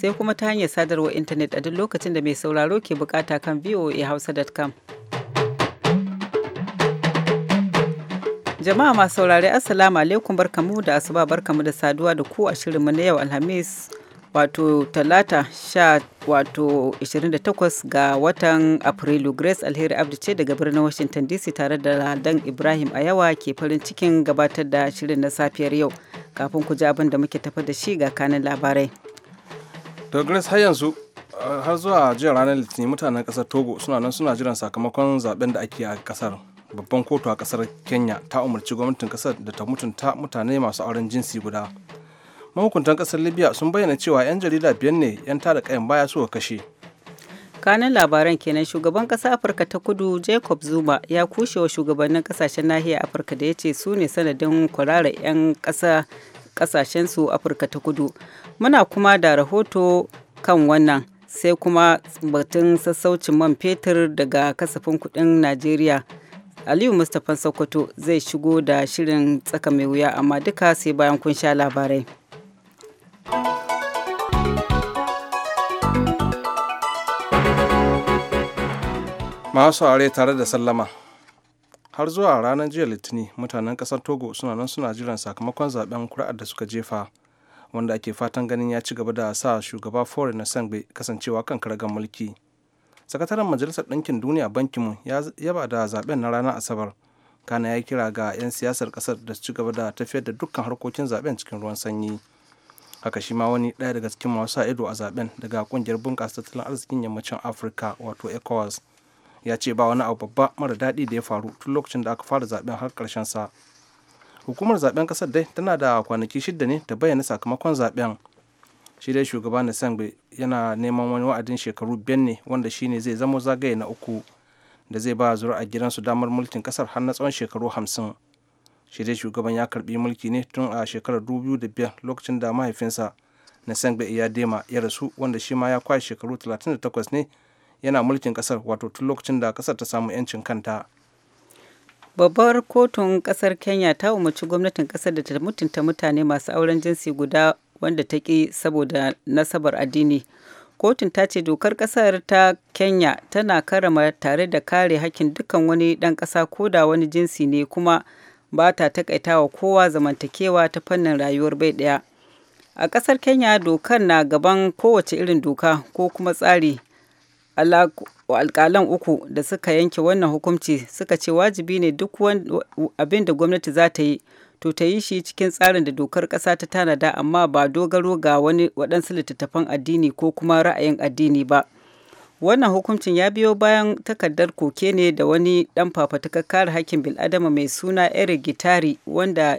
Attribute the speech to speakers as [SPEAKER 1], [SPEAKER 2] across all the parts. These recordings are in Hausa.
[SPEAKER 1] sai kuma ta hanyar sadarwar intanet a duk lokacin da mai sauraro ke bukata kan voahausa.com. Jama'a masu saurare Assalamu alaikum barkamu da asuba barkamu da saduwa da ku a shirinmu na yau Alhamis wato talata sha wato 28 ga watan Afrilu Grace Alheri Abdu ce daga birnin Washington DC tare da Ladan Ibrahim a yawa ke farin cikin gabatar da shirin na safiyar yau kafin ku ji abin da muke tafa da shi ga kanin labarai.
[SPEAKER 2] daga grace har yanzu ah, har zuwa jiya ranar litinin mutanen kasar togo suna nan suna jiran sakamakon zaben da ake a kasar babban kotu a kasar kenya ta umarci gwamnatin kasar da ta mutunta mutane masu auren jinsi guda mahukuntan kasar libya sun bayyana cewa 'yan jarida biyan ne 'yan tada kayan baya suka kashe
[SPEAKER 1] kanin labaran kenan shugaban kasa afirka ta kudu jacob zuma ya kushe wa shugabannin kasashen nahiyar afirka da ya ce su ne sanadin da 'yan kasa su afirka ta kudu muna kuma da rahoto kan wannan sai kuma batun sassaucin man fetur daga kasafin kudin najeriya aliyu mustapha sokoto zai shigo da shirin tsaka mai wuya amma duka sai bayan kun sha labarai
[SPEAKER 2] masu aure tare da sallama har zuwa ranar jiya litinin mutanen kasar togo suna nan suna jiran sakamakon zaben kuri'ar da suka jefa wanda ake fatan ganin ya ci gaba da sa shugaba fore na sangbe kasancewa kan karagar mulki sakataren majalisar ɗinkin duniya bankinmu ya yaba da zaben na ranar asabar kana ya kira ga 'yan siyasar kasar da ci gaba da tafiyar da dukkan harkokin zaben cikin ruwan sanyi haka shi ma wani ɗaya daga cikin masu ido a zaben daga kungiyar bunƙasa tattalin arzikin yammacin afirka wato ecowas ya ce ba wani abu babba mara daɗi da ya faru tun lokacin da aka fara zaben har ƙarshen sa hukumar zaben kasar dai tana da kwanaki shida ne ta bayyana sakamakon zaben shi dai shugaba sangbe yana neman wani wa'adin shekaru biyar ne wanda shine zai zama zagaye na uku da zai ba a gidan gidansu damar mulkin kasar har na tsawon shekaru hamsin shi dai shugaban ya karbi mulki ne tun a shekarar dubu da biyar lokacin da mahaifinsa na sangbe ya dema ya rasu wanda shi ma ya kwashe shekaru talatin da 38 ne yana mulkin kasar wato tun lokacin da kasar ta samu 'yancin kanta
[SPEAKER 1] babbar kotun kasar kenya ta umarci gwamnatin kasar da ta mutunta mutane masu auren jinsi guda wanda ta ki saboda nasabar addini kotun ta ce dokar kasar ta kenya tana karama tare da kare hakkin dukkan wani dan ƙasa ko da wani jinsi ne kuma ba ta takaitawa kowa zamantakewa ta fannin rayuwar bai ɗaya a ƙasar kenya dokar na gaban kowace irin doka ko kuma tsari alƙalan uku da suka yanke wannan hukunci suka ce wajibi ne duk abin da gwamnati za ta yi to ta yi shi cikin tsarin da dokar ƙasa ta tanada amma ba dogaro ga wani waɗansu littattafan addini ko kuma ra'ayin addini ba wannan hukuncin ya biyo bayan takardar koke ne da wani ɗan fafatakar kare hakkin bil'adama mai suna eric gitari wanda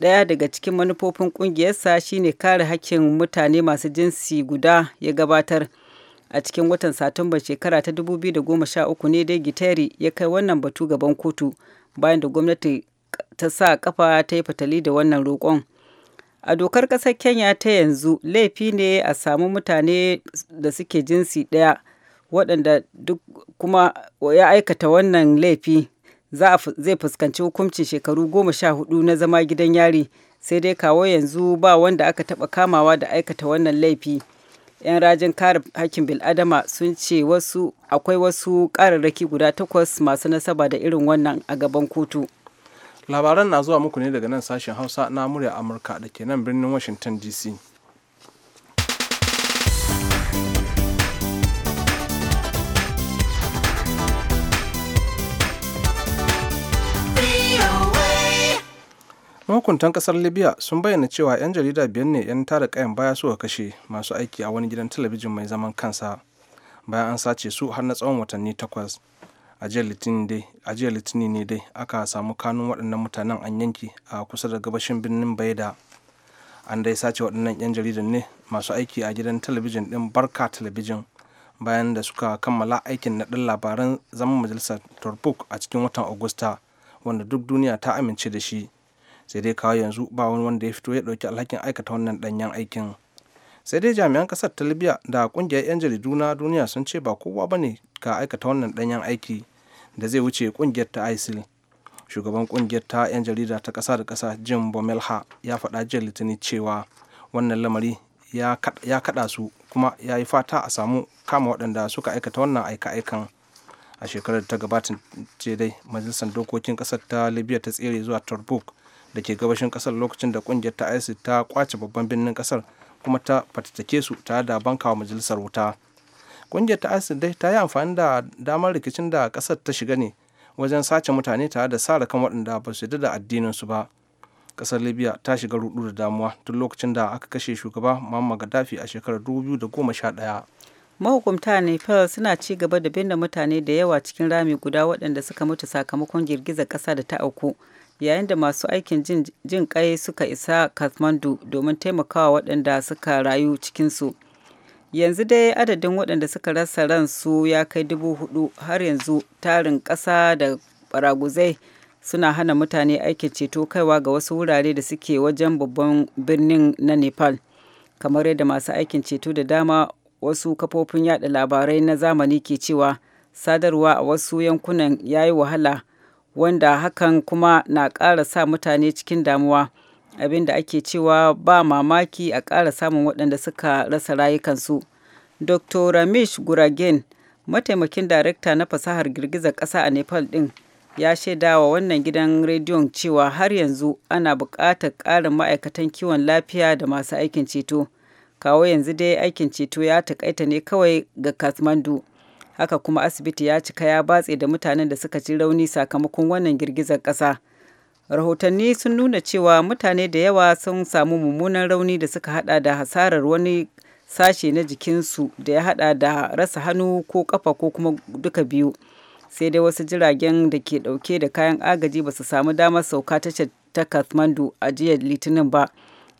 [SPEAKER 1] ɗaya daga cikin manufofin ƙungiyarsa shine kare hakkin mutane masu jinsi guda ya gabatar. a cikin watan satumba shekara ta 2013 ne dai gitari ya kai wannan batu gaban kotu bayan da gwamnati ta sa kafa ta yi fatali da wannan roƙon a dokar ƙasar kenya ta yanzu laifi ne a samu mutane da suke jinsi ɗaya waɗanda duk kuma ya aikata wannan laifi zai fuskanci hukuncin shekaru goma sha hudu na zama gidan yari sai dai kawo yanzu ba wanda aka taɓa kamawa da aikata wannan laifi 'yan rajin kare hakkin bil'adama sun ce wasu akwai wasu kararraki guda takwas masu nasaba da irin wannan a gaban kotu
[SPEAKER 2] labaran na zuwa muku ne daga nan sashen hausa na murya amurka da ke nan birnin washington dc mahukuntan kasar libya sun bayyana cewa 'yan jarida biyar ne 'yan tara kayan baya suka kashe masu aiki a wani gidan talabijin mai zaman kansa bayan an sace su har na tsawon watanni takwas a jiya litinin ne dai aka samu kanun waɗannan mutanen an yanki a kusa da gabashin birnin baida an dai sace waɗannan 'yan jaridan ne masu aiki a gidan talabijin ɗin barka talabijin bayan da suka kammala aikin naɗin labaran zaman majalisar turbuk a cikin watan agusta wanda duk duniya ta amince da shi sai dai kawo yanzu ba wani wanda ya fito ya ɗauki alhakin aikata wannan danyen aikin sai dai jami'an kasar ta libya da kungiyar 'yan jaridu na duniya sun ce ba kowa ba ne ka aikata wannan danyen aiki da zai wuce kungiyar ta isil shugaban ƙungiyar ta 'yan jarida ta kasa da kasa jim bomelha ya faɗa jiya litinin cewa wannan lamari ya kaɗa su kuma ya yi fata a samu kama waɗanda suka aikata wannan aika-aikan a shekarar ta gabata ce dai majalisar dokokin kasar ta libya ta tsere zuwa turbuk da ke gabashin kasar lokacin da kungiyar ta isis ta kwace babban birnin kasar kuma ta fatattake su tare da bankawa majalisar wuta kungiyar ta isis dai ta yi amfani da damar rikicin da kasar ta shiga ne wajen sace mutane tare da sare kan waɗanda ba su yarda da addinin su ba kasar libya ta shiga rudu da damuwa tun lokacin da aka kashe shugaba muammar gaddafi a shekarar 2011 mahukumta nepal
[SPEAKER 1] suna ci gaba da binne mutane da yawa cikin rami guda waɗanda suka mutu sakamakon girgizar ƙasa da ta auku yayin da masu aikin jin kai suka isa kathmandu domin taimakawa waɗanda suka rayu cikinsu yanzu dai adadin waɗanda suka rasa ransu ya kai dubu hudu har yanzu tarin ƙasa da baraguzai suna hana mutane aikin ceto kaiwa ga wasu wurare da suke wajen babban birnin na nepal kamar yadda masu aikin ceto da dama wasu kafofin yada labarai na zamani ke cewa sadarwa a wasu yankunan ya yi wahala wanda hakan kuma na ƙara sa mutane cikin damuwa abinda ake cewa ba mamaki a ƙara samun waɗanda suka rasa rayukansu dr ramesh guragen mataimakin darakta na fasahar girgizar ƙasa a nepal ɗin ya shaida wa wannan gidan rediyon cewa har yanzu ana buƙatar ƙarin ma'aikatan kiwon lafiya da masu aikin ceto kawo yanzu dai aikin ceto ya taƙaita ne kawai ga kathmandu haka kuma asibiti ya cika ya batse da mutanen da suka ji rauni sakamakon wannan girgizar ƙasa rahotanni sun nuna cewa mutane da yawa sun samu mummunan rauni da suka hada da hasarar wani sashe na jikinsu da ya hada da rasa hannu ko kafa ko kuma duka biyu sai dai wasu jiragen da ke dauke da kayan agaji ba su samu damar sauka tasha ta kathmandu a jiya litinin ba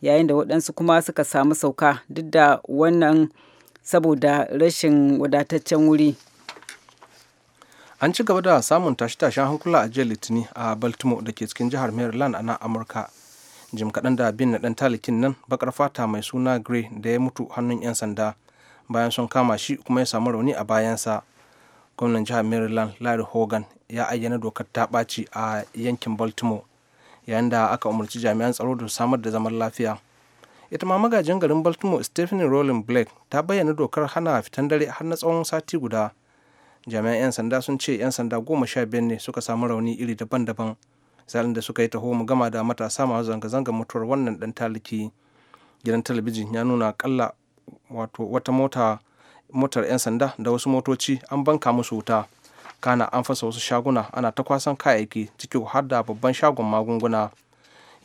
[SPEAKER 1] yayin da waɗansu kuma suka samu sauka duk da wannan saboda rashin wadataccen
[SPEAKER 2] wuri an ci gaba da samun tashe-tashen hankula a jiya litini a baltimore da ke cikin jihar maryland a nan amurka jim kaɗan da bin na ɗan talikin nan bakar fata mai suna gray da ya mutu hannun 'yan sanda bayan sun kama shi kuma ya samu rauni a bayansa gwamnan jihar maryland larry hogan ya ayyana dokar ta ɓaci a yankin baltimore yayin da aka umarci jami'an tsaro da samar da zaman lafiya ita ma magajin garin baltimore stephen rowland blake ta bayyana dokar hana fitan dare har na tsawon sati guda jami'an 'yan sanda sun ce 'yan sanda goma sha biyar ne suka samu rauni iri daban-daban misalin da suka yi taho mu gama da matasa masu zanga-zanga mutuwar wannan dan taliki gidan talabijin ya nuna kalla wato wata mota motar 'yan sanda da wasu motoci an banka musu wuta kana an fasa wasu shaguna ana ta kwasan kayayyaki ciki har da babban shagon magunguna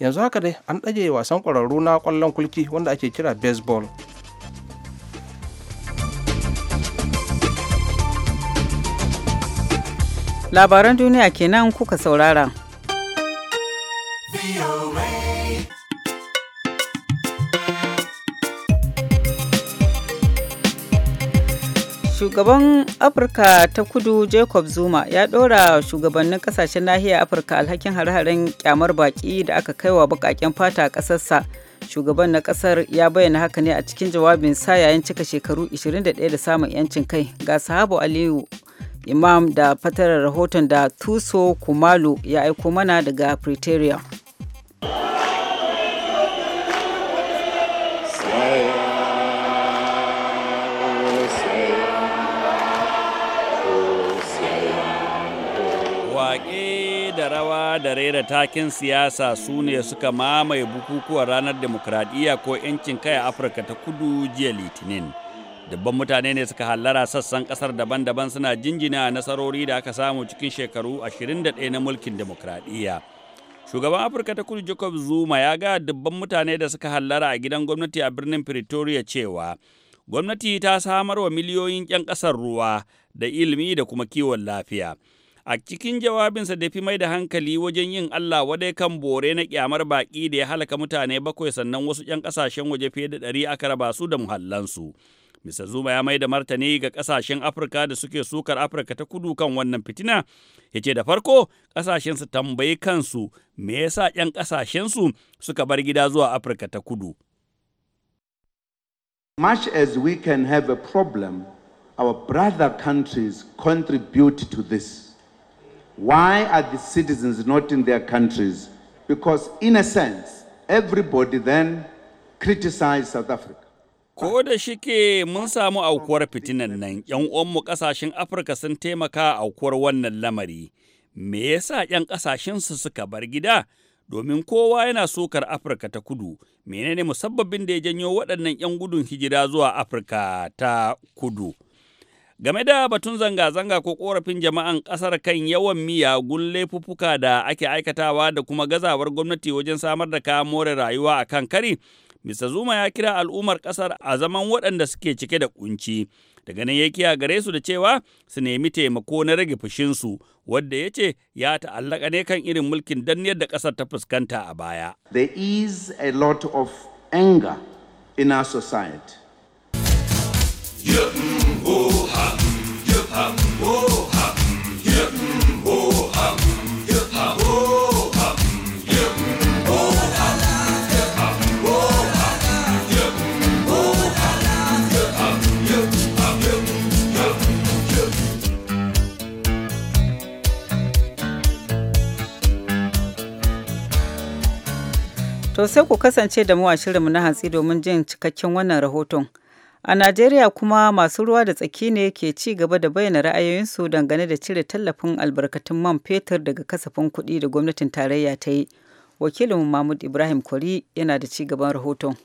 [SPEAKER 2] yanzu haka dai an ɗage wasan ƙwararru na ƙwallon kulki wanda ake kira baseball
[SPEAKER 1] labaran duniya kenan kuka saurara shugaban afirka ta kudu jacob zuma ya ɗora shugabannin kasashen nahiyar afirka alhakin hare-haren kyamar baki da aka kai wa bakaken fata a ƙasarsa shugaban na ƙasar ya bayyana haka ne a cikin jawabin sa yayin cika shekaru 21 da samun yancin kai ga sahabu aliyu imam da fatarar rahoton da tuso kumalo ya aiko mana daga pretoria
[SPEAKER 3] waƙe da rawa da raira takin siyasa su ne suka mamaye bukukuwan ranar demokradiyya ko 'yancin kai a afirka ta kudu jiya litinin dubban mutane ne suka hallara sassan kasar daban-daban suna jinjina nasarori da aka samu cikin shekaru 21 na mulkin demokradiyya shugaban afirka ta kudu jacob zuma ya ga dubban mutane da suka hallara a gidan gwamnati a birnin pretoria cewa gwamnati ta samar wa miliyoyin 'yan ƙasar ruwa da ilimi da kuma kiwon lafiya. a cikin jawabinsa da fi mai da hankali wajen yin Allah wadai kan bore na kyamar baƙi da ya halaka mutane bakwai sannan wasu 'yan ƙasashen waje fiye da ɗari aka raba su da muhallansu. Mr. Zuma ya mai da martani ga ƙasashen Afirka da suke sukar Afirka ta kudu kan wannan fitina, ya ce da farko ƙasashen su tambayi kansu me yasa 'yan ƙasashen su suka bar gida zuwa Afirka ta kudu.
[SPEAKER 4] Much as we can have a problem, our brother countries contribute to this. Why are the citizens not in their
[SPEAKER 3] countries? Because, in a sense, everybody then criticized South Africa. Ko da shike mun samu aukuwar fitinan nan, ‘yan uwanmu ƙasashen Afirka sun taimaka aukuwar wannan lamari. Me yasa ‘yan ƙasashensu suka bar gida? Domin kowa yana sokar Afirka ta kudu, menene musabbabin da ya janyo waɗannan ‘yan gudun hijira zuwa Afirka ta kudu? Game da batun zanga-zanga ko korafin jama'an ƙasar kan yawan miyagun laifuffuka da ake aikatawa da kuma gazawar gwamnati wajen samar da kayan more rayuwa a kan kari, Mr. Zuma ya kira al'ummar ƙasar a zaman waɗanda suke cike da kunci. Daga nan ya kiya gare su da cewa su nemi taimako na rage fushinsu, wadda ya ce ya ta'allaka ne kan irin mulkin danniyar da ƙasar ta fuskanta a baya. There is a lot of anger in our society. Yeah,
[SPEAKER 5] oh.
[SPEAKER 1] To sai ku kasance da mu a shirinmu na hantsi domin jin cikakken wannan rahoton. A Najeriya kuma masu ruwa da tsaki ne ke ci gaba da bayyana ra'ayoyinsu dangane da cire tallafin albarkatun man fetur daga kasafin kuɗi da gwamnatin tarayya ta yi. Wakilin Mahmud Ibrahim Kwari yana da ci gaban rahoton.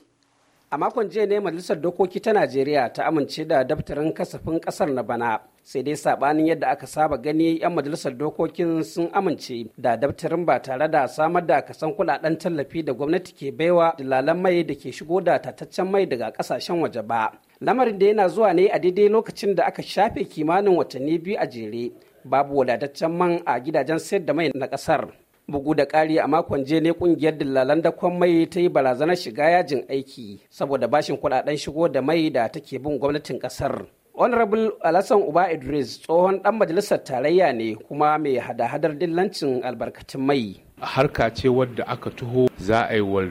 [SPEAKER 6] a makon jiya ne majalisar dokoki ta najeriya ta amince da daftarin kasafin kasar na bana sai dai sabanin yadda aka saba gani 'yan majalisar dokokin sun amince da daftarin ba tare da samar da kasan kudaden tallafi da gwamnati ke baiwa dalalan mai da ke shigo da tataccen mai daga kasashen waje ba lamarin da yana zuwa ne a daidai lokacin da aka shafe kimanin watanni biyu a jere babu wadataccen man a gidajen sayar da mai na kasar bugu da ƙari a makon jiya ne ƙungiyar dillalan dakon mai ta yi barazanar shiga yajin aiki saboda bashin kuɗaɗen shigo da mai da take bin gwamnatin ƙasar honorable alassan uba idris tsohon ɗan majalisar tarayya ne kuma mai hada-hadar dillancin albarkatun mai
[SPEAKER 7] harka ce wadda aka tuho za a yi wa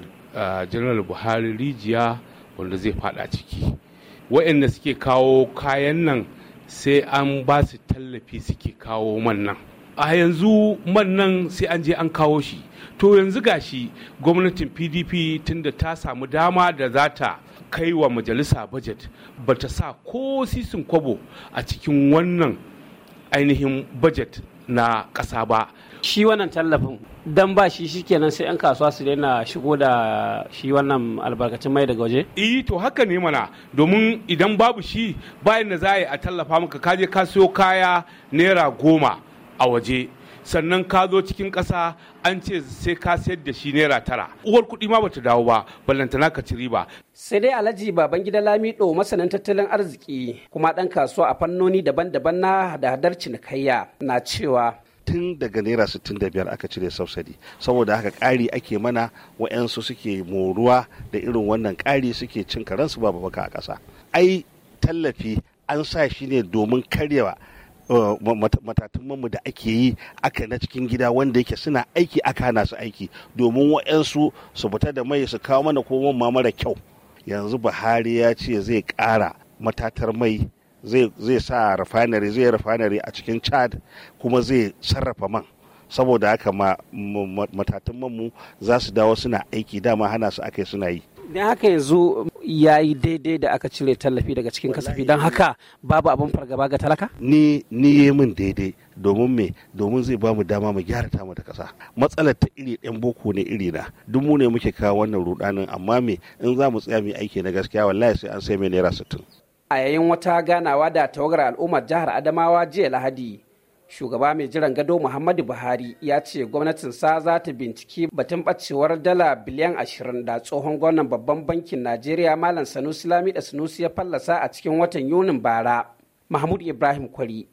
[SPEAKER 7] general buhari rijiya wanda zai fada ciki wa'inda suke kawo kayan nan sai an ba su tallafi suke kawo man nan a yanzu man nan sai an je an kawo shi to yanzu ga shi gwamnatin pdp tunda ta samu dama da za ta kai wa majalisa budget ba ta sa ko sisin kwabo a cikin wannan
[SPEAKER 6] ainihin budget na ƙasa ba shi wannan tallafin dan ba shi shikenan sai yan kasuwa su daina shigo da shi wannan albarkacin mai daga waje eh to haka ne mana domin idan babu shi bayan da za a yi a tallafa maka kaje ka
[SPEAKER 7] siyo kaya naira goma a waje sannan ka zo cikin ƙasa an ce sai ka sayar da shi naira tara uwar kuɗi ma bata dawo ba ballantana ka ci riba
[SPEAKER 6] sai dai alhaji baban gida lamido masanin tattalin arziki kuma ɗan kasuwa a fannoni daban-daban na hadar cinikayya
[SPEAKER 8] na cewa tun daga naira 65 aka cire sausadi saboda haka ƙari ake mana wa'yansu suke moruwa da irin wannan ƙari suke cin karansu ba baka a ƙasa ai tallafi an sa shi ne domin karyawa Uh, mu da ake yi aka na cikin gida wanda yake suna aiki aka hana su aiki domin wa'yansu su fita da mai su kawo mana ko ma mara kyau yanzu buhari ya ce zai ƙara matatar mai zai sa rafanari zai rafanari a cikin chad kuma zai sarrafa man saboda haka matatun mu za su dawo suna aiki dama hana su aka suna yi.
[SPEAKER 6] ya yi daidai da aka cire tallafi daga cikin kasafi don haka babu abin fargaba ga talaka?
[SPEAKER 8] Ni ni yi min daidai domin me domin zai ba mu dama mu gyara mu da kasa. Matsalar ta iri ɗan boko ne iri na duk mu ne muke kawo wannan rudanin amma me in za mu tsaya mu aiki na gaskiya wallahi sai an sai mai naira sittin.
[SPEAKER 6] A yayin wata ganawa da tawagar al'ummar jihar Adamawa jiya Lahadi shugaba mai jiran gado muhammadu buhari ya ce gwamnatinsa za ta binciki batun bacewar dala biliyan ashirin da tsohon gwamnan babban bankin najeriya malam sanusi lamida sanusi ya fallasa a cikin watan yunin bara mahmud ibrahim kwari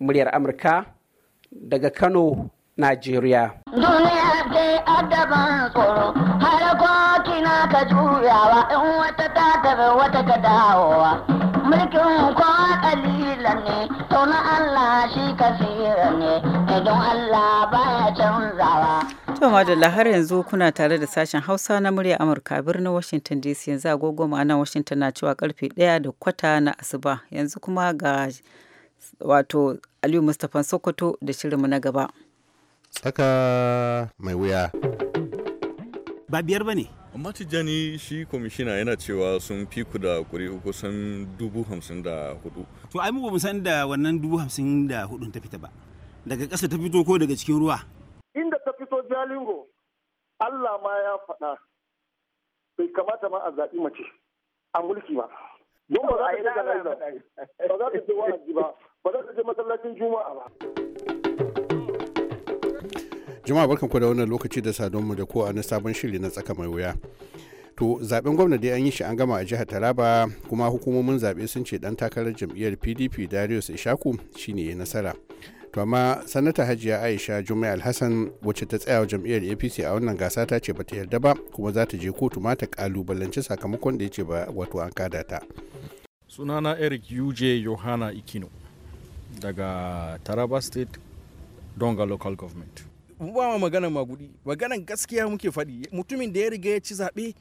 [SPEAKER 6] muryar amurka daga kano najeriya
[SPEAKER 9] duniya
[SPEAKER 6] tsoro mulkin kwa kalilan ne na Allah shi ka ne idan Allah baya canzawa
[SPEAKER 1] To madalla har yanzu kuna tare da sashen Hausa na murya Amurka birnin Washington DC yanzu agogo mana Washington na cewa karfe ɗaya da kwata na asuba yanzu kuma ga wato Aliyu Mustapha Sokoto da shirinmu na gaba.
[SPEAKER 10] Tsaka mai wuya. Ba biyar ba ne. amma tijjani shi kwamishina yana cewa sun fi ku da ƙuri'u kusan dubu hamsin da hudu to ai mu mu san da wannan
[SPEAKER 9] dubu hamsin da hudun ta fita ba daga ƙasa ta fito ko daga cikin ruwa
[SPEAKER 5] inda ta fito jalingo allah ma ya faɗa bai kamata ma a zaɓi mace a mulki ba don ba za ta je ba za ta je wa'azi ba ba za ta je masallacin juma'a ba
[SPEAKER 4] Jama'a barkanku da wannan lokaci da sadonmu da ko a na sabon shiri na tsaka mai wuya. to zaben gwamna dai an yi shi an gama a jihar taraba kuma hukumomin zaɓe sun ce dan takarar jam'iyyar pdp darius ishaku shine ya nasara to amma sanata hajiya aisha jumai alhassan wacce ta tsaya wa jam'iyyar apc a wannan gasa ta ce bata yarda ba kuma za ta je kotu ma ta kalubalanci sakamakon da yace ba wato an kada ta
[SPEAKER 10] sunana eric uj yohana ikino daga taraba state donga local government
[SPEAKER 2] ba ma magana magudi maganan gaskiya muke faɗi mutumin da ya riga ya ci zaɓe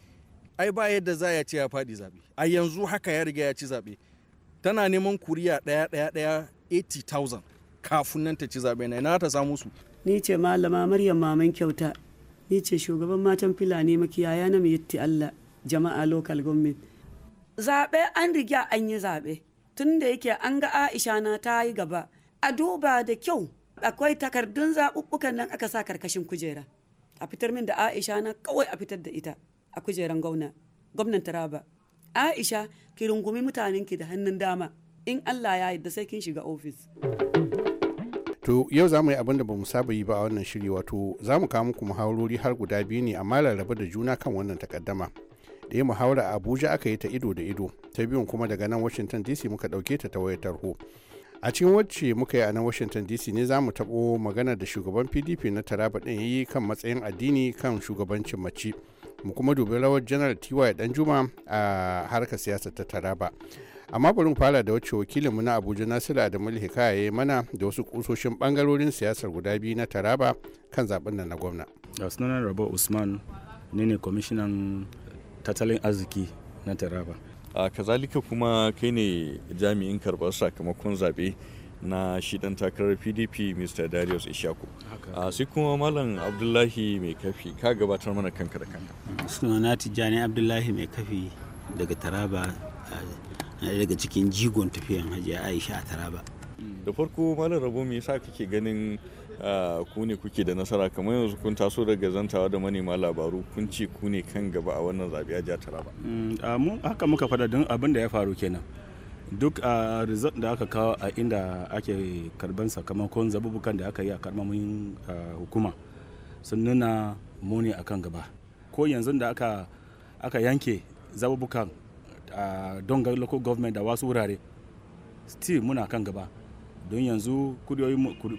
[SPEAKER 2] ai ba yadda za ya ce ya faɗi zaɓe a yanzu haka ya riga ya ci zaɓe tana neman kuriya ɗaya ɗaya ɗaya 80,000 kafin nan ta ci zaɓe na na ta samu su
[SPEAKER 1] ni ce malama maryam maman kyauta ni ce shugaban matan fulani makiyaya na miyitti allah jama'a local government zaɓe an riga an yi zaɓe tun da yake an ga aisha na ta yi gaba a duba da kyau akwai takardun zaɓuɓɓukan nan aka sa karkashin kujera a fitar min da aisha na kawai a fitar da ita a kujeran gwamna gwamnan taraba aisha ki rungumi mutanen ki da hannun dama in allah ya yarda sai kin shiga ofis
[SPEAKER 4] to yau za mu yi abin da ba mu saba yi ba a wannan shiri wato za mu kawo muku muhawarori har guda biyu ne amma rarraba da juna kan wannan takaddama da ya muhawara a abuja aka yi ta ido da ido ta biyun kuma daga nan washington dc muka ɗauke ta ta wayar tarho a cikin wacce muka yi a nan washington dc ne za mu taɓo magana da shugaban pdp na taraba ɗin yi kan matsayin addini kan shugabancin mace mu kuma dubi rawar janar ty danjuma a harkar siyasar ta taraba amma bari mu fara da wacce mu na abuja nasiru adamu hikaya ya mana da wasu kusoshin bangarorin siyasar guda biyu na taraba kan zaben nan na gwamna
[SPEAKER 7] da uh, rabo usman ne ne kwamishinan tattalin arziki na
[SPEAKER 10] taraba a kazalika kuma kai ne jami'in karɓar sakamakon zaɓe na shi dan takarar pdp mr darius ishaku a sai kuma malam abdullahi mai kafi ka gabatar mana kanka da kanka na tijjani abdullahi mai kafi daga taraba daga cikin jigon tafiyan hajiya aisha a taraba da farko malam rabo me yasa kake ganin ku ne kuke da nasara kamar yanzu kun taso daga zantawa da manema labaru kun ce ku ne kan gaba a wannan zaɓe a jihar Taraba.
[SPEAKER 7] Mm, haka muka fada don abin da ya faru kenan. Duk a result da aka kawo a inda ake karban sakamakon zabubukan da aka yi a karmamin hukuma sun nuna muni akan gaba. Ko yanzu da aka aka yanke zabubukan don local government da wasu wurare still muna kan gaba. don yanzu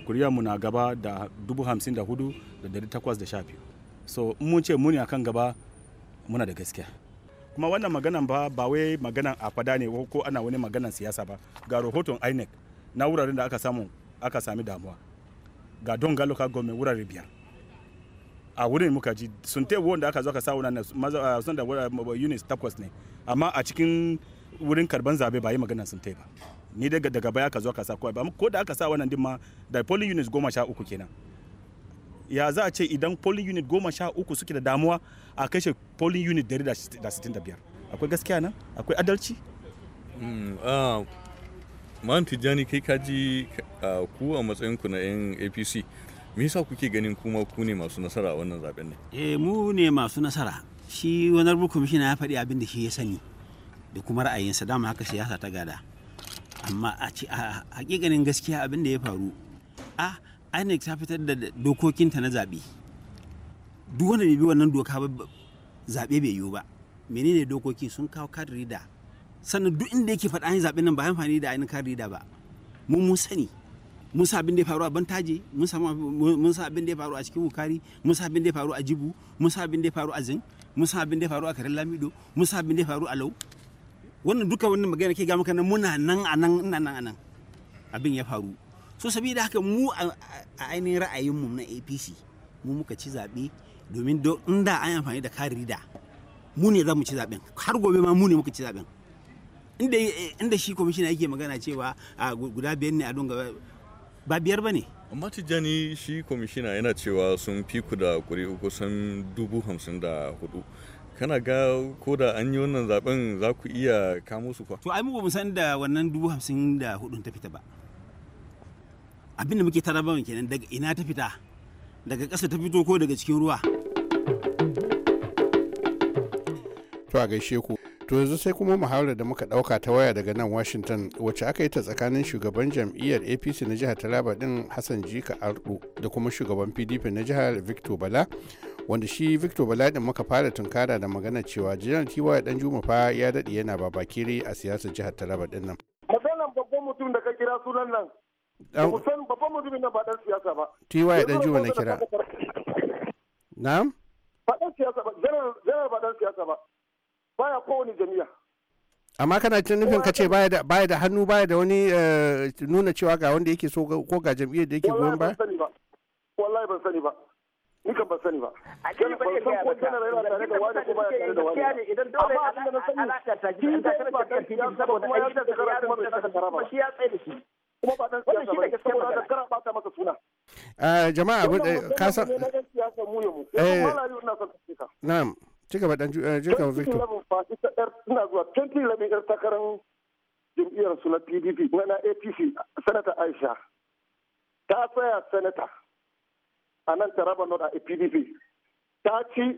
[SPEAKER 7] kuriyarmu na gaba da 54,812 so in mun ce muni kan gaba muna da gaskiya kuma wannan maganan ba ba wai maganan a fada ne ko ana wani maganan siyasa ba ga rahoton inec na wuraren da aka samu aka sami damuwa ga don galuka gome wurare biyar a wurin muka ji sun te wanda aka zo ka sa wannan ah, sun da ah, units takwas ne amma a cikin wurin karban zabe ba yi maganan sun te ba ni daga daga baya ka zo ka sa kawai ba ko da aka sa wannan din ma da polling unit goma sha uku kenan ya za a ce idan polling unit goma sha uku suke da damuwa a kashe polling unit dari da sittin da biyar akwai gaskiya nan akwai adalci
[SPEAKER 10] hmm, ah, man tijjani kai kaji ah, ku a matsayinku na yan apc me yasa kuke ganin kuma ku ne masu nasara a wannan zaben ne
[SPEAKER 9] eh mu ne masu nasara shi wani rubutun kwamishina ya faɗi abin da shi ya sani da kuma ra'ayinsa dama haka siyasa ta gada amma a ce a hakikanin gaskiya abin da ya faru a inec ta fitar da dokokinta na zaɓe duk wanda bai bi wannan doka ba zaɓe bai yiwu ba menene dokoki sun kawo card reader sannan duk inda yake faɗa zaɓe nan ba amfani da ainihin card reader ba mu mun sani mun sa abin da ya faru a bantaje mun sa abin da ya faru a cikin bukari mun sa abin da ya faru a jibu mun sa abin da ya faru a zin mun sa abin da ya faru a karin lamido mun sa abin da ya faru a lau wannan duka wannan magana ke ga maka nan muna nan a nan ina nan a nan abin ya faru so saboda haka mu a ainihin mu na apc mu muka ci zaɓe domin in da an amfani da kari da mu ne za mu ci zaɓen har gobe ma mu ne muka ci zaɓen inda shi komishina yake magana cewa a guda biyar ne a don gaba
[SPEAKER 10] ba biyar ba ne amma tijjani shi komishina yana cewa sun fi ku da kuri kusan dubu hamsin da hudu kana ga ko da an yi wannan zaben za ku iya kamo su fa to ai mu san da wannan dubu hamsin da hudun ta fita ba
[SPEAKER 9] abin da muke tarabawa kenan daga ina ta fita daga ƙasa ta fito ko daga cikin ruwa
[SPEAKER 4] to a gaishe ku to yanzu sai kuma muhawarar da muka dauka ta waya daga nan washington wacce aka yi ta tsakanin shugaban jam'iyyar apc na jihar taraba din hassan jika ardo da kuma shugaban pdp na jihar victor bala wanda shi victor baladin muka fara tunkara da magana cewa jiran tiwa dan juma fa ya daɗe yana kiri a siyasar jihar taraba din nan
[SPEAKER 5] maganan babban mutum da ka kira sunan nan kusan babban mutumin nan ba dan siyasa ba tiwa ya dan juma na kira na'am ba dan siyasa ba janar ba dan siyasa ba baya kowane jami'a
[SPEAKER 4] amma kana cin nufin ka ce baya da hannu baya da wani eh, nuna cewa ga wanda yake so ko ga jam'iyyar da yake goyon ba
[SPEAKER 5] wallahi ban sani ba nika ba sani ba
[SPEAKER 11] a ce ba ne ba ko tana rayuwa tare da wani ko ba tare da wani idan dole a da
[SPEAKER 5] sani shi ne ba ta shi saboda ai shi da sakara kuma bai saka kara ba shi ya tsaye da shi kuma ba dan siyasa ba saboda da kara ba ta masa suna
[SPEAKER 4] eh, jama'a eh, ka san
[SPEAKER 5] siyasa mu mu eh
[SPEAKER 4] na'am ci gaba dan ji eh, gaba
[SPEAKER 5] victor ina zuwa 2011 yar takarar jam'iyyar su na pdp na apc sanata aisha ta tsaya sanata a nan taraba north a pdp ta ci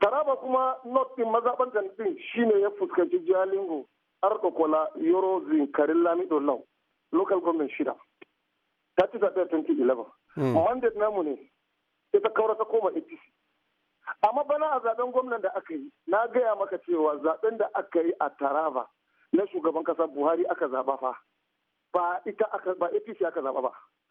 [SPEAKER 5] taraba kuma north din mazaɓar din shine ya fuskanci jalingo arɗokola yorozin karin lamido lau local government shida ta ci zaɓe 2011 hmm. mandate namu ne ita kawar ta koma apc amma bana a zaben gwamnan da aka yi na gaya maka cewa zaben da aka yi a taraba na shugaban kasa buhari aka zaba fa ba ita aka ba apc aka zaba ba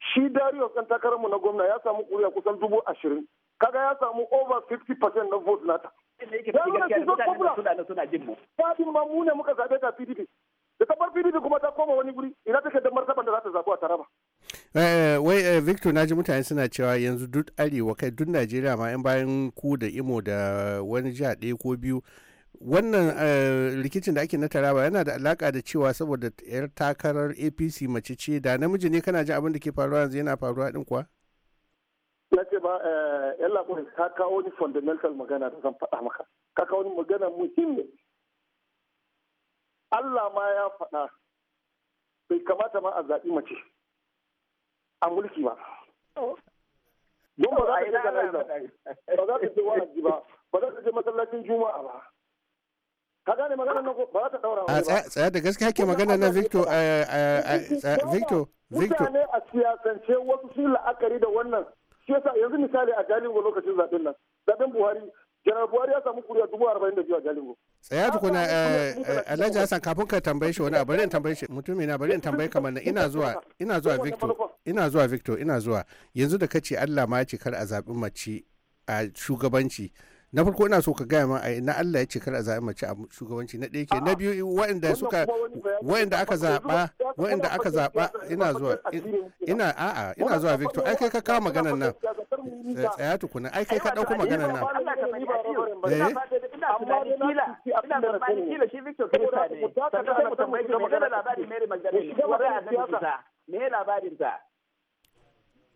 [SPEAKER 5] shi Darius ɗan takararmu na gwamna ya samu a kusan dubu ashirin kaga ya samu over 50% na vote nata. Fadin ma mu ne muka zaɓe ta PDP. Da tabar PDP kuma ta koma wani guri ina take da martaban da za ta zaɓi a Taraba.
[SPEAKER 4] Eh, wai eh, victor naji mutane suna cewa yanzu duk arewa kai duk najeriya ma yan bayan ku da imo da wani jiha ɗaya ko biyu wannan eh, rikicin da ake na taraba yana da alaka da cewa saboda yar takarar apc mace ce da namiji ne kana ji abin da ke faruwa yanzu yana faruwa din kuwa
[SPEAKER 5] na ce ba eh, yan labarin ka kawo ni fundamental magana da zan faɗa maka ka kawo ni magana muhimmi Allah ma ya faɗa bai kamata ma a zaɓi mace a mulki ba don ba za ka je ba za ka je masallacin juma'a ba ka gane magana nan ba za ta daura wani
[SPEAKER 4] tsaya da gaskiya ke magana na victor eh, eh, eh, victor victor mutane
[SPEAKER 5] a siyasance wasu su la'akari da wannan shi yasa yanzu misali a jalingo lokacin zaben nan zaben buhari janar buhari ya samu kuriya dubu arba'in da biyu a jalingo
[SPEAKER 4] tsaya tukuna alhaji hassan kafin ka tambaye shi wani bari in tambaye shi mutumi na bari in tambaye kamar na ina zuwa ina zuwa victor ina zuwa victor ina zuwa yanzu da kace allah ma ya ce kar a zaɓi mace a shugabanci na farko ina so ka gaya ma a na Allah ya ce kar a zaɓi mace a shugabanci na ɗaya ke na biyu waɗanda suka waɗanda aka zaɓa waɗanda aka zaɓa ina zuwa ina a'a ina zuwa Victor ai kai ka kawo magana nan tsaya tukuna ai kai ka ɗauko magana nan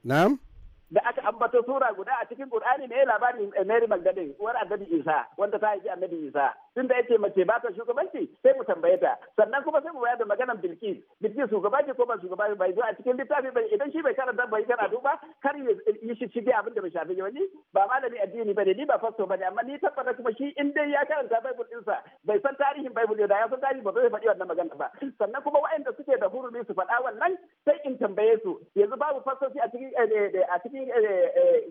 [SPEAKER 4] Na'am?
[SPEAKER 11] da aka ambato sura guda a cikin Qur'ani ne labarin Mary Magdalene uwar Annabi Isa wanda ta haifi Annabi Isa tun da ce mace ba ta shugabanci sai mu tambaye ta sannan kuma sai mu bayar da maganar Bilkis Bilkis shugaba ce ko ba shugaba bai zo a cikin littafi bai idan shi bai karanta bai karatu ba kar ya yi shi shige abin da bai shafi ba ni ba malami addini bane ni ba fasto bane amma ni tabbata kuma shi in dai ya karanta Bible sa bai san tarihin Bible da ya san tarihi ba zai faɗi wannan magana ba sannan kuma waɗanda suke da hurumi su faɗa wannan sai in tambaye su yanzu babu fastoci a cikin eh, eh, eh, a cikin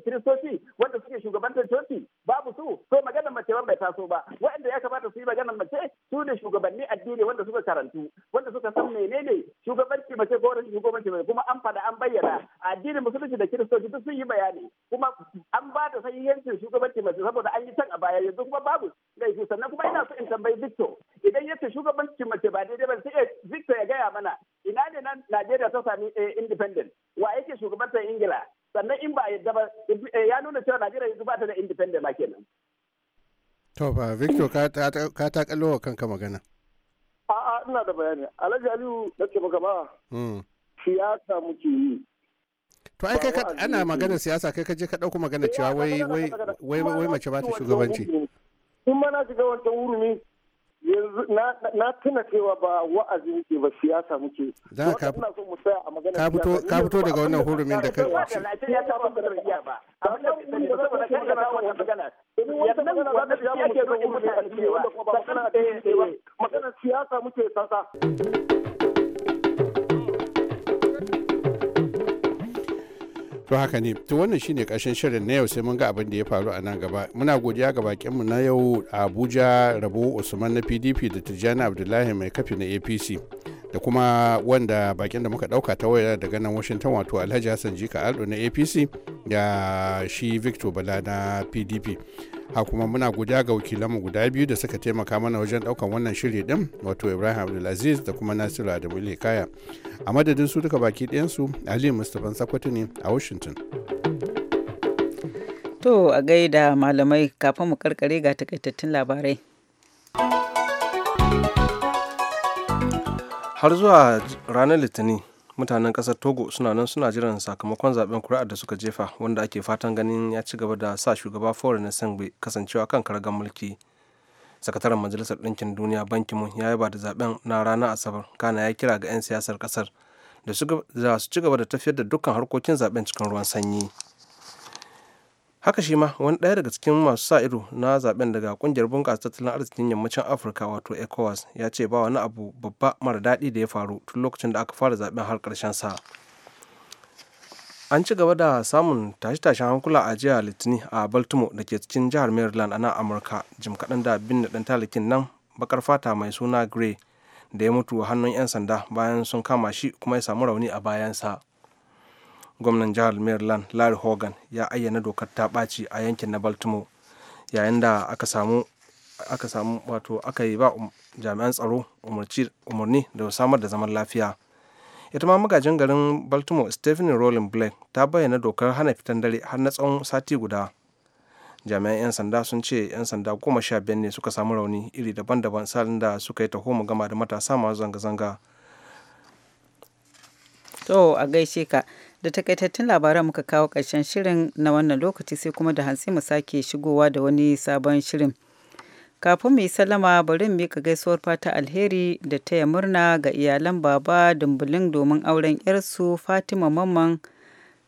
[SPEAKER 11] kiristoci wanda suke shugabantar coci babu su so magana mace bai taso ba waɗanda ya kamata su yi maganar mace su ne shugabanni addini wanda suka karantu wanda suka san menene shugabanci mace ko rashin shugabanci mace kuma an fada an bayyana addinin musulunci da kiristoci duk sun yi bayani kuma an ba da sahihancin shugabanci mace saboda an yi can a baya yanzu kuma babu laifi sannan kuma ina so in tambayi Victor idan yace shugabanci mace ba daidai ba sai Victor ya gaya mana ina ne nan Najeriya ta sami eh, independent wa yake shugabantar Ingila sannan in ba yadda ba eh, ya nuna cewa Najeriya yanzu ba ta da independent ma kenan
[SPEAKER 4] To fa Victor ka ta kallo wa kanka magana.
[SPEAKER 5] A'a ina da bayani. Alhaji Aliyu na ke maka ba. Hmm. Siyasa muke yi. To ai kai ana magana
[SPEAKER 4] siyasa kai ka je ka dauko magana cewa wai wai wai mace ba ta shugabanci. Kun
[SPEAKER 5] ma na shiga wancan wurumi yanzu na tuna cewa ba wa'azi muke ba siyasa muke. Za ka so mu tsaya a magana. Ka fito daga wannan hurumin da kai. Ba ta da siyasa muke
[SPEAKER 4] To haka ne, to wannan shine kashin shirin na yau sai mun ga abin da ya faru a nan gaba. Muna godiya ga bakinmu na yau Abuja Rabo Usman na PDP da Tijjani Abdullahi mai kafi na APC. da kuma wanda bakin da muka dauka ta waya daga nan washington wato alhaji hassan jika aldo na apc da shi victor bala na pdp ha kuma muna guda ga wakilanmu guda biyu da suka taimaka mana wajen daukan wannan shiri din wato ibrahim abdulaziz da kuma nasiru adamu kaya a madadin su duka baki ɗayansu ali mustapha sakwato ne a washington
[SPEAKER 1] to a gaida malamai kafin mu karkare ga takaitattun labarai
[SPEAKER 2] har zuwa ranar litinin mutanen kasar togo suna nan suna jiran sakamakon zaben kuri'ar da suka jefa wanda ake fatan ganin ya ci gaba da sa shugaba faure na sangbe kasancewa kan karagar mulki sakataren majalisar ɗinkin duniya banki mun ya yaba da zaben na ranar asabar kana ya kira ga 'yan siyasar kasar da su ci gaba da tafiyar da dukkan harkokin zaben cikin ruwan sanyi. haka shi ma wani ɗaya daga cikin masu sa ido na zaben daga kungiyar bunƙasa tattalin arzikin yammacin afirka wato ecowas ya ce ba wani abu babba mara daɗi da ya faru tun lokacin da aka fara zaben har ƙarshen sa an ci gaba da samun tashe-tashen hankula a jihar litini a baltimore da ke cikin jihar maryland a nan amurka jim kaɗan da binne ɗan talakin nan bakar fata mai suna gray da ya mutu wa hannun 'yan sanda bayan sun kama shi kuma ya samu rauni a bayansa gwamnan jihar maryland larry hogan ya ayyana dokar ta ɓaci a yankin na baltimore yayin da aka samu aka wato aka yi ba um, jami'an tsaro umarni da samar da zaman lafiya ita ma magajin garin baltimore stephen rowling blake ta bayyana dokar hana fitan dare har na tsawon sati guda jami'an 'yan sanda sun ce 'yan sanda goma sha biyar ne suka samu rauni iri daban-daban salin da suka yi taho gama da matasa masu zanga-zanga to a gaishe ka da
[SPEAKER 1] takaitattun labaran muka kawo ƙarshen shirin na wannan lokaci sai kuma da hantsi mu sake shigowa da wani sabon shirin kafin mu yi sallama bari mu ka gaisuwar fata alheri da taya murna ga iyalan baba dumbulin domin auren yarsu fatima mamman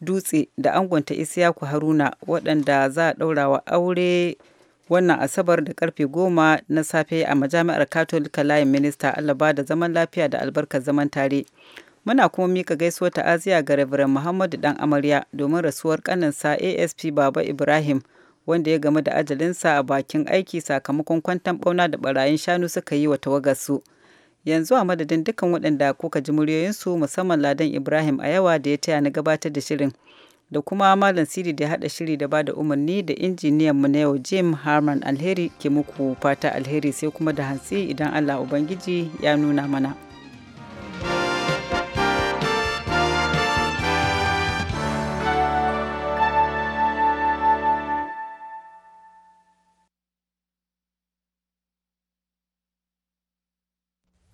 [SPEAKER 1] dutse da angonta isiyaku haruna waɗanda za a ɗaura wa aure wannan asabar da karfe goma na safe a majami'ar katolika layin minista allah ba da zaman lafiya da albarkar zaman tare Muna kuma mika gaisuwar ta'aziyya ga Reverend Muhammadu Dan Amarya domin rasuwar kaninsa ASP Baba Ibrahim wanda ya game da ajalinsa a bakin aiki sakamakon kwantan bauna da barayin shanu suka yi wa tawagarsu. Yanzu a madadin dukkan waɗanda kuka ji muryoyinsu musamman Ladan Ibrahim a yawa da ya taya na gabatar da shirin. Da kuma Malam Siri da ya haɗa shiri da bada umarni da injiniyan mu na yau Jim Harman Alheri ke muku fata alheri sai kuma da hantsi idan Allah Ubangiji ya nuna mana.